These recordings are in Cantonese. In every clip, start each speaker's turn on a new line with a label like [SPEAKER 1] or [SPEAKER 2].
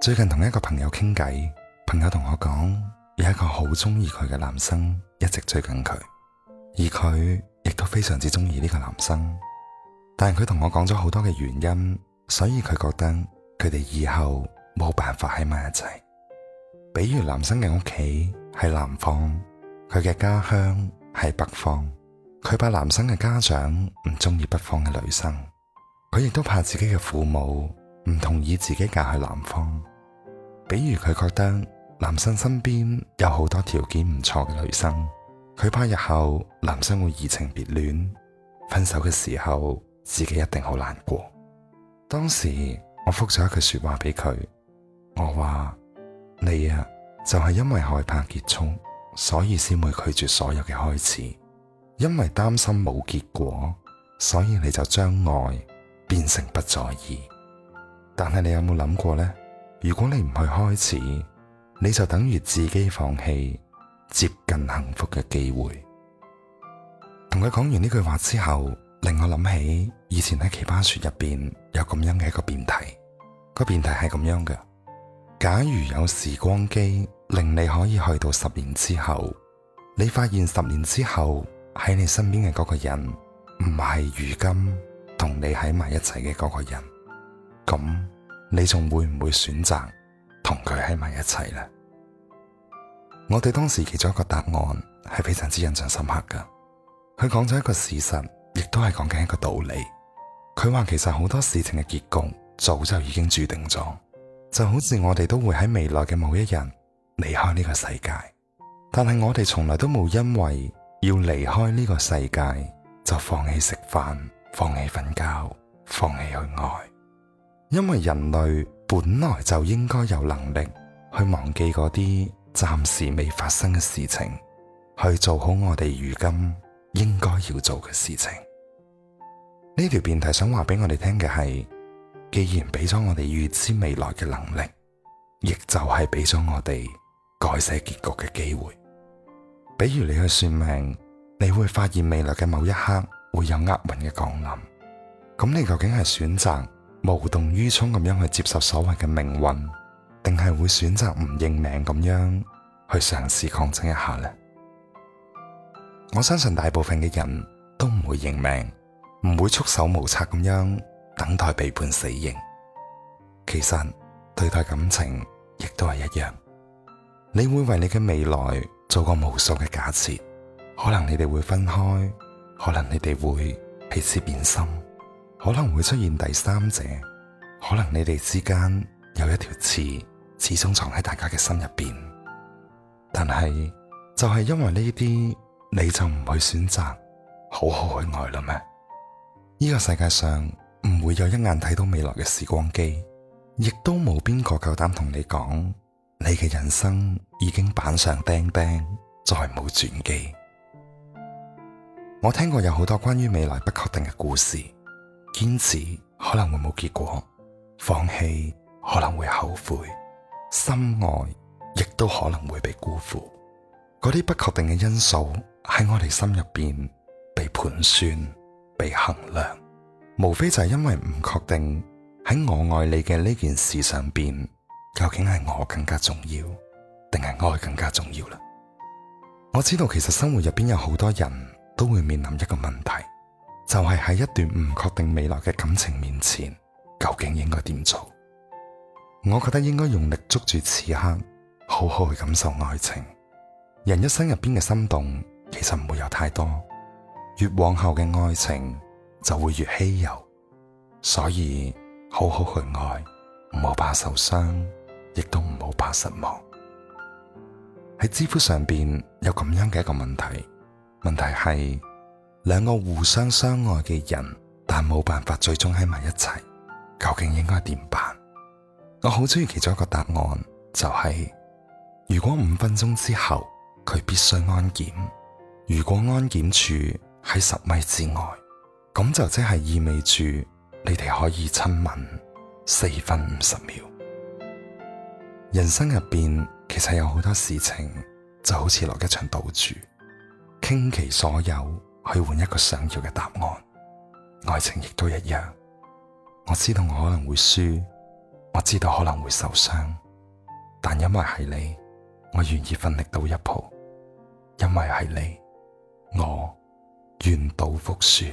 [SPEAKER 1] 最近同一個朋友傾偈，朋友同我講，有一個好中意佢嘅男生一直追緊佢，而佢亦都非常之中意呢個男生。但係佢同我講咗好多嘅原因，所以佢覺得佢哋以後冇辦法喺埋一齊。比如男生嘅屋企係南方，佢嘅家鄉係北方，佢怕男生嘅家長唔中意北方嘅女生，佢亦都怕自己嘅父母唔同意自己嫁去南方。比如佢覺得男生身邊有好多條件唔錯嘅女生，佢怕日後男生會移情別戀，分手嘅時候自己一定好難過。當時我復咗一句說話俾佢，我話：你呀，就係因為害怕結束，所以先會拒絕所有嘅開始，因為擔心冇結果，所以你就將愛變成不在意。但係你有冇諗過呢？如果你唔去開始，你就等於自己放棄接近幸福嘅機會。同佢講完呢句話之後，令我諗起以前喺奇葩說入邊有咁樣嘅一個辯題。個辯題係咁樣嘅：假如有時光機，令你可以去到十年之後，你發現十年之後喺你身邊嘅嗰個人唔係如今同你喺埋一齊嘅嗰個人，咁，你仲會唔會選擇同佢喺埋一齊呢？我哋當時其中一個答案係非常之印象深刻噶。佢講咗一個事實，亦都係講緊一個道理。佢話其實好多事情嘅結局早就已經注定咗，就好似我哋都會喺未來嘅某一日離開呢個世界。但係我哋從來都冇因為要離開呢個世界，就放棄食飯、放棄瞓覺、放棄去愛。因為人類本來就應該有能力去忘記嗰啲暫時未發生嘅事情，去做好我哋如今應該要做嘅事情。呢條辯題想話俾我哋聽嘅係，既然俾咗我哋預知未來嘅能力，亦就係俾咗我哋改寫結局嘅機會。比如你去算命，你會發現未來嘅某一刻會有厄運嘅降臨，咁你究竟係選擇無動於衷咁樣去接受所謂嘅命運，定係會選擇唔認命咁樣去嘗試抗爭一下呢？我相信大部分嘅人都唔會認命，唔會束手無策咁樣等待被判死刑。其實對待感情亦都係一樣，你會為你嘅未來做過無數嘅假設，可能你哋會分開，可能你哋會彼此變心。可能會出現第三者，可能你哋之間有一條刺，始終藏喺大家嘅心入邊。但係就係因為呢啲，你就唔去選擇好好去愛啦咩？呢個世界上唔會有一眼睇到未來嘅時光機，亦都冇邊個夠膽同你講，你嘅人生已經板上釘釘，再冇轉機。我聽過有好多關於未來不確定嘅故事。堅持可能會冇結果，放棄可能會後悔，深愛亦都可能會被辜負。嗰啲不確定嘅因素喺我哋心入邊被盤算、被衡量，無非就係因為唔確定喺我愛你嘅呢件事上邊，究竟係我更加重要，定係愛更加重要啦？我知道其實生活入邊有好多人都會面臨一個問題。就係喺一段唔確定未來嘅感情面前，究竟應該點做？我覺得應該用力捉住此刻，好好去感受愛情。人一生入邊嘅心動其實唔會有太多，越往後嘅愛情就會越稀有。所以好好去愛，唔好怕受傷，亦都唔好怕失望。喺知乎上邊有咁樣嘅一個問題，問題係。兩個互相相愛嘅人，但冇辦法最終喺埋一齊，究竟應該點辦？我好中意其中一個答案，就係如果五分鐘之後佢必須安檢，如果安檢處喺十米之外，咁就即係意味住你哋可以親吻四分五十秒。人生入邊其實有好多事情就好似落一場賭注，傾其所有。去換一個想要嘅答案，愛情亦都一樣。我知道我可能會輸，我知道可能會受傷，但因為係你，我願意奮力到一步。因為係你，我願賭服輸。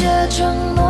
[SPEAKER 2] 着承諾。